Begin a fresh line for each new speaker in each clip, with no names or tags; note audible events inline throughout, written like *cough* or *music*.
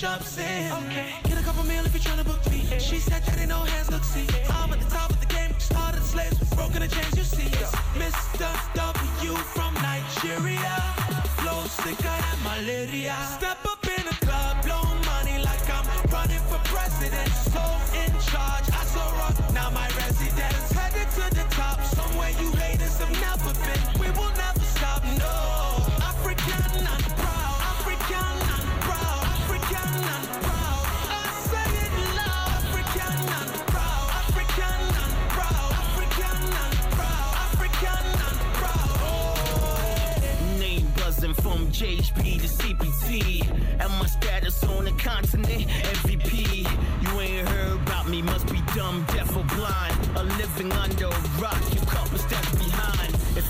push-ups in. Okay. Get a couple meal if you're trying to book me. Yeah. She said that ain't no hands, look, see. Yeah. I'm at the top of the game, started slaves, broken the chains, you see. Yeah. Mr. W from Nigeria, flow sicker than malaria. Step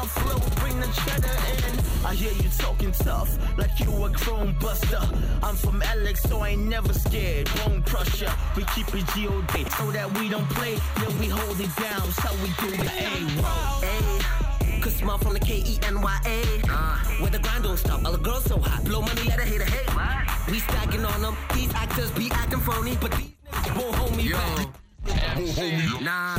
my flow, bring the cheddar in. I hear you talking tough, like you a chrome buster. I'm from Alex, so I ain't never scared. Bone crusher, we keep it G.O.D. So that we don't play, then we hold it down. So we do the A-roll. Cause small from the K-E-N-Y-A uh, Where the grind don't stop, all the girls so hot Blow money, let her hate her hate what? We stacking on them, these actors be acting phony But these won't hold me Yo. back Won't hold me Nah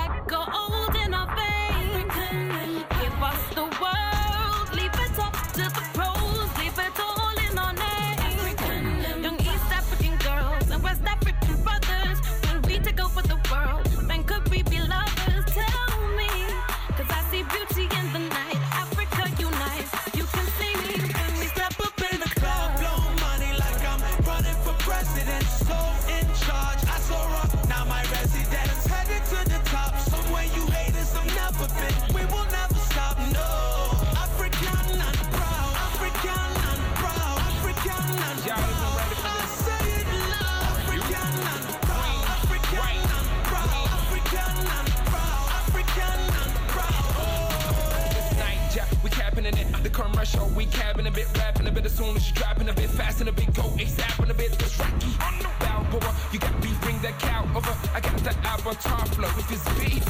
commercial. We cabin a bit, rapping a bit as soon as you dropping a bit fast and a bit go ASAP and a bit less rocky. On the Balboa, you got beef, bring that cow over. I got the avatar flow with this beef.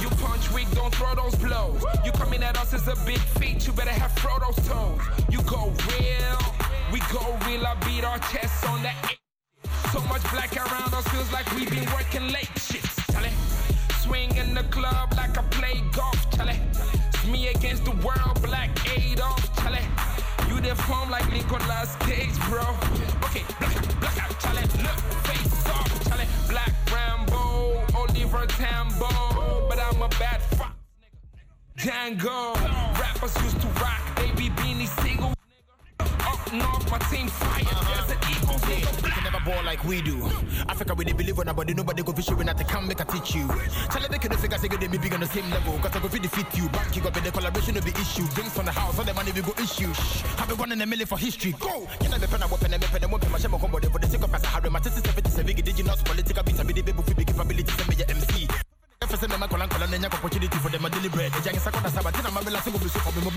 *laughs* you punch weak, don't throw those blows. You coming at us as a big feat, you better have Frodo's toes. You go real, we go real. I beat our chests on that. Eight. So much black around us feels like we've been working late. Shit, Charlie. Swing in the club like I play golf, Charlie me against the world, black Adolf, chale. You deform like Nicolas Cage, bro. Okay, black, black out, chale. Look, face off, chale. Black Rambo, Oliver Tambo. But I'm a bad fox, nigga. Django.
Rappers used to rock, baby beanie single starting off my team fire. Uh-huh. There's an equal yeah. They can never ball like we do. Africa, we they believe on nobody, nobody go fish when I come. make a teach you. Tell Charlie, they can't figure say they be big on the same level. Cause I go defeat you. Bank you got the collaboration of the issue. Drinks from the house, all the money we go issue. Shh. Have been one in a million for history. Go! Can I be pen a weapon and pen and won't my shame on combo for the sake of Sahara? My sister 77 did you not political beats and be the baby we be capabilities and your MC them a opportunity for them a deliberate. a sabat. Then I'm a bella single blue for me. a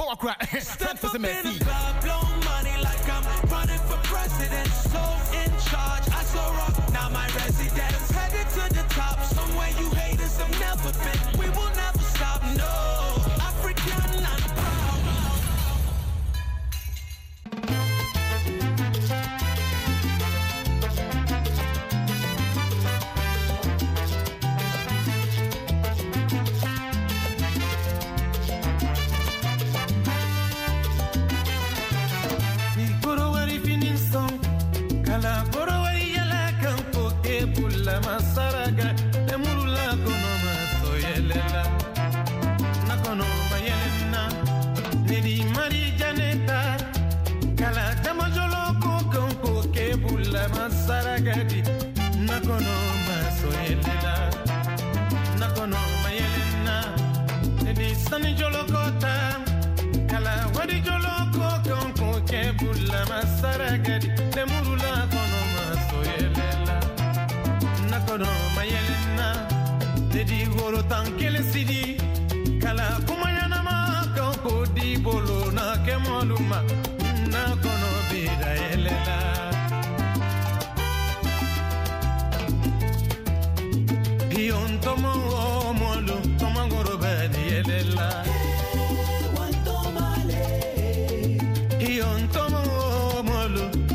for some money
like I'm running for president. So in charge, I saw rock. Now my residence headed to the top. Somewhere you haters have never been.
Love.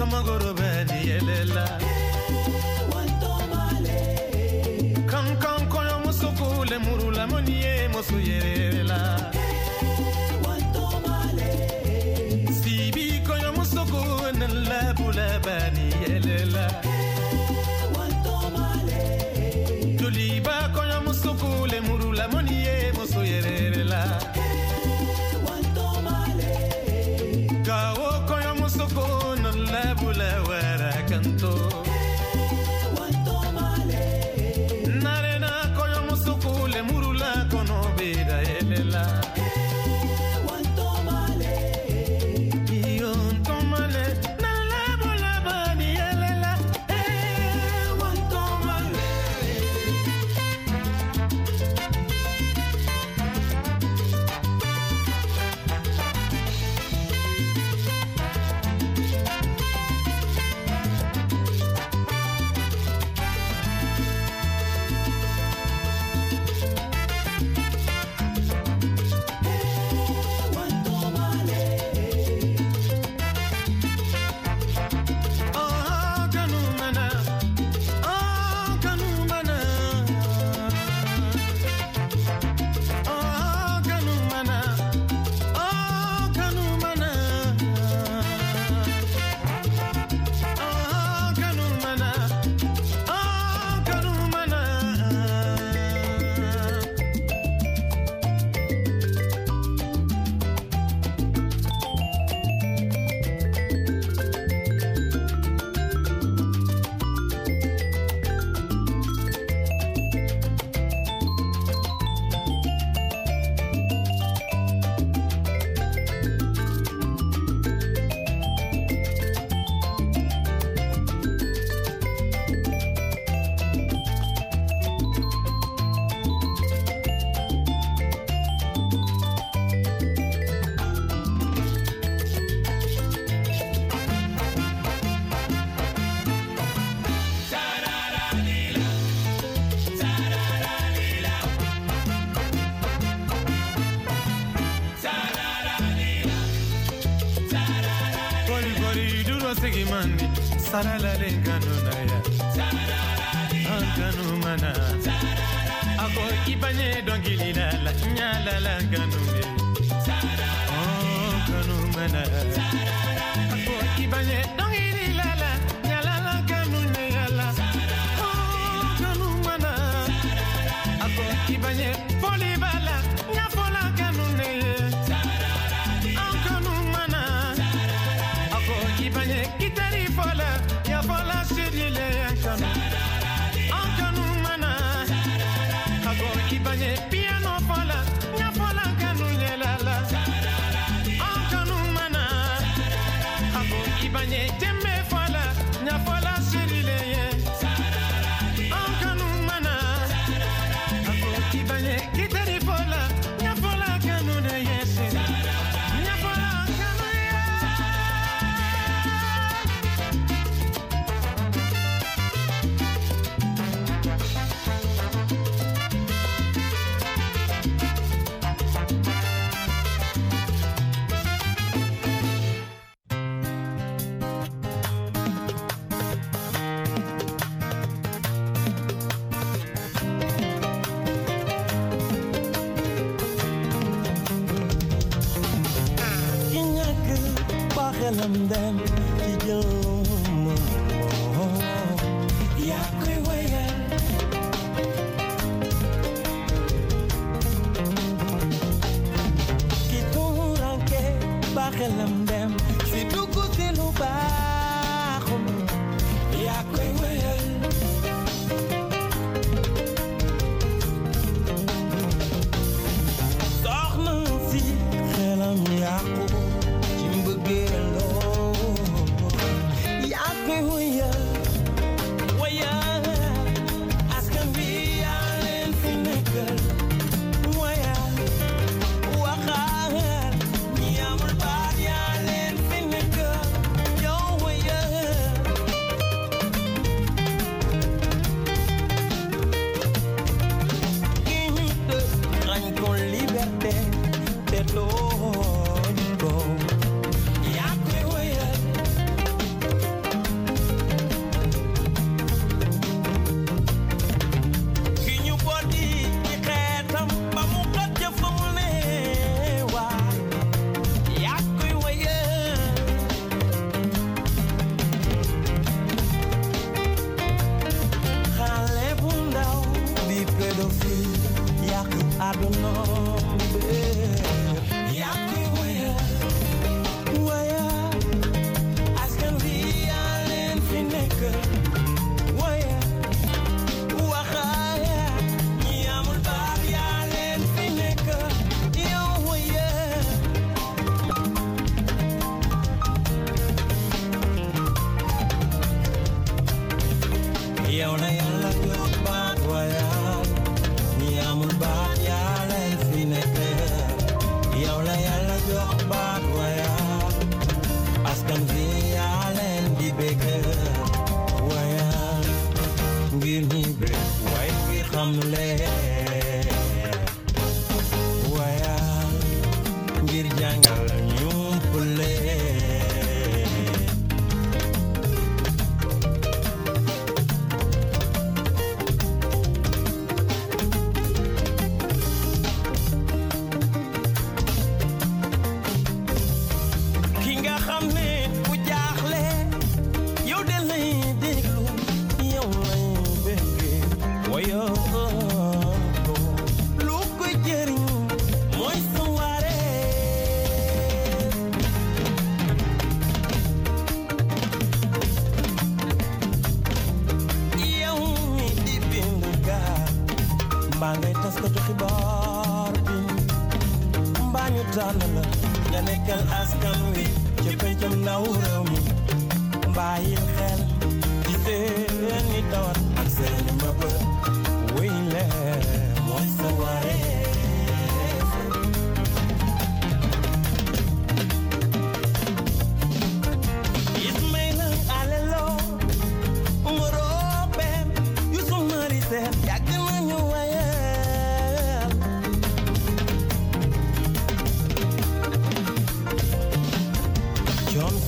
Sama Goro salala lengano na ya angano mana ako ibanye dongililala nyalala ngano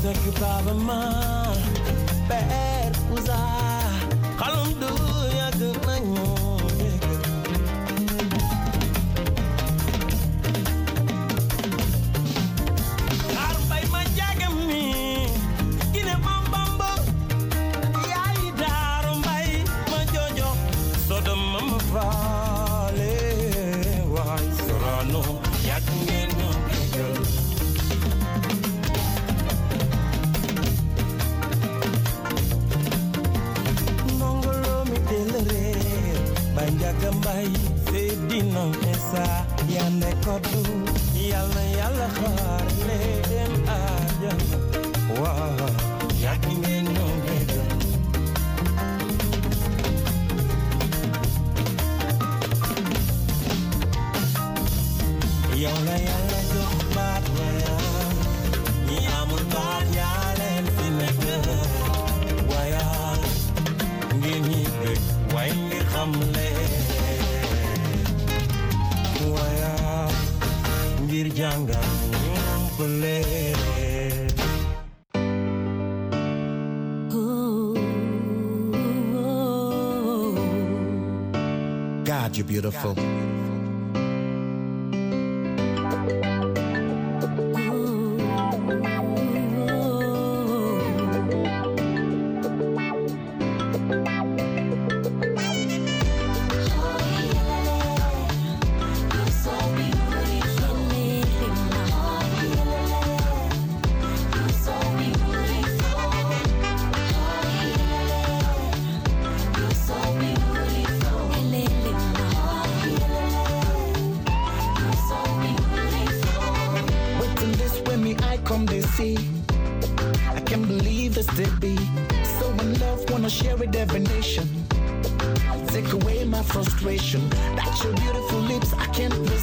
Sanki Ma. per uza, kalum duya. kaddu yal yàlla xaar leen àjjana waaw yàgg ngeen ñoo bégal yow la yàlla jox baat ma ñi amul baat yaa leen fi nekk waya ngeen ñi bëgg waaye ngir xam leen ngir
God, you're beautiful. God.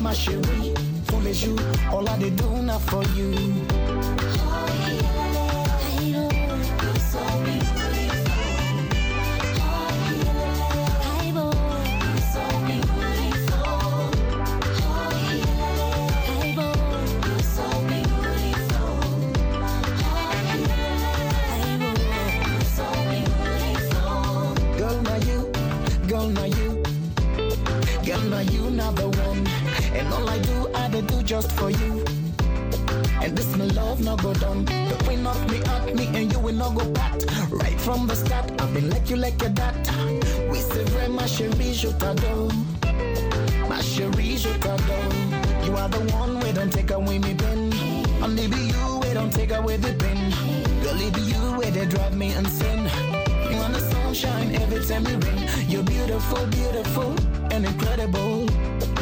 my chérie. Tous les jours, all I do now for you. And all I do, I do just for you. And this my love no go down. The queen of me at me and you will not go back. Right from the start, I've been like you like your dad. We say very ma chérie, je t'adore. Ma chérie, je t'adore. You are the one we don't take away me pen. Only be you we don't take away the pen. Girl, it be you where they drive me insane. You want the sunshine every time you rain. You're beautiful, beautiful and incredible.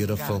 beautiful.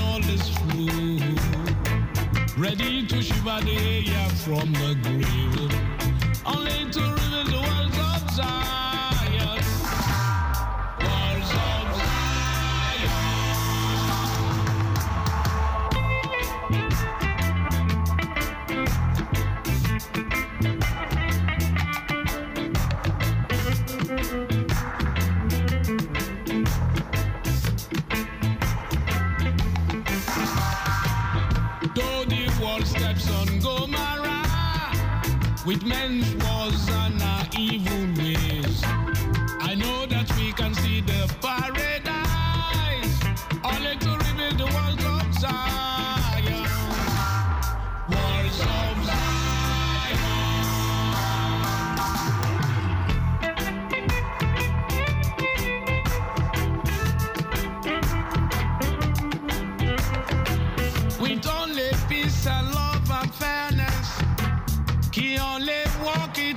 all this ready to shiver the air from the grave. it meant was an evil.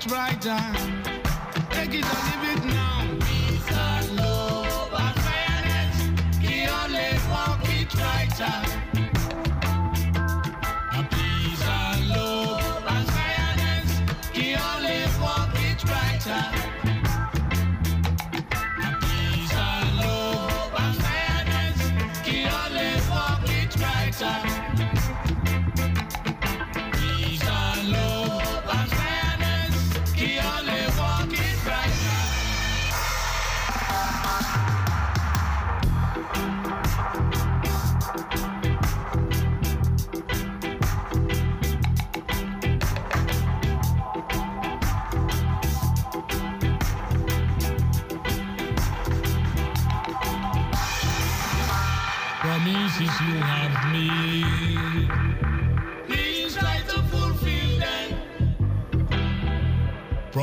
brighter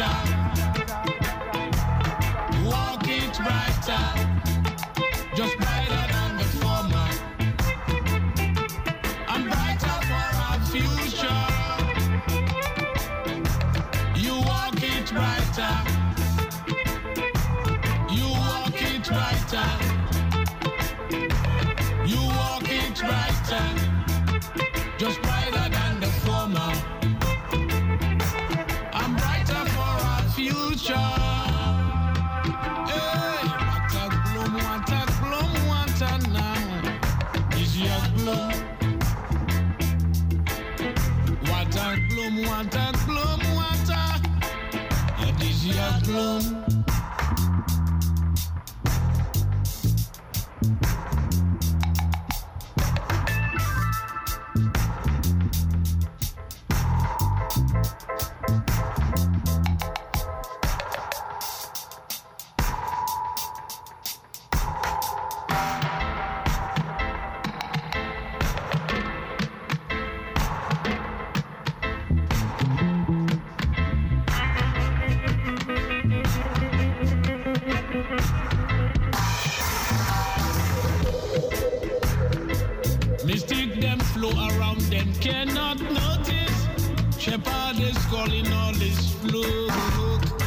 time.